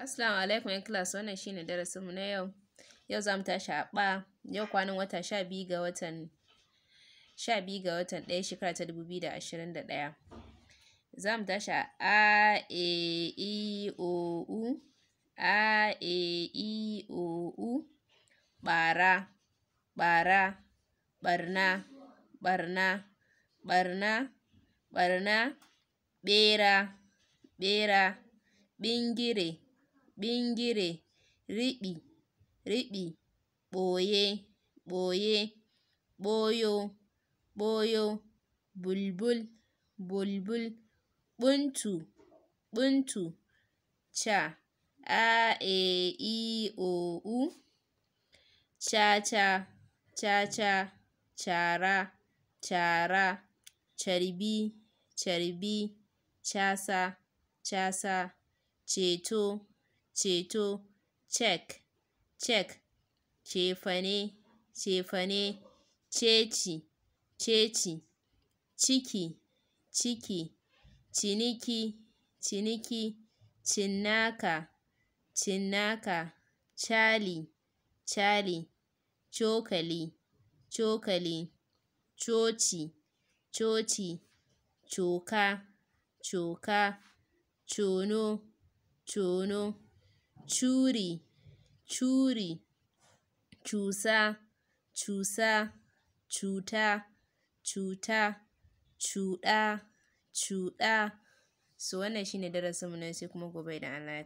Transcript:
Assalamu alaikum ‘yan kilas wannan shi ne darasinmu na yau. Yau mu tashi a ɓa yau kwanan wata sha biyu ga watan sha biyu ga watan ɗaya shekara ta dubu biyu da ashirin da ɗaya. za mu tashi a a e i o u a e i o u ɓara ɓara ɓarna ɓarna ɓarna ɓarna ɓera ɓera ɓingire ɓingire, riɓi, riɓi, ɓoye, ɓoye, ɓoyo, ɓoyo, bulbul, bulbul, ɓuntu, ɓuntu, ca, a, e, i, o, u, caca, caca, cara, cara, carbi, carbi, casa, casa, ceto. ceto, cek, cek, cefane, cefane, ceci, ceci, ciki, ciki, ciniki, ciniki, cinnaka, cinnaka, cali, cali, cokali, cokali, coci, coci, coka, coka, cono, cono. curi curi cusa cusa cuta cuta cuɗa cuɗa so wannan shine darasinmu na yau sai kuma gobe idan Allah ya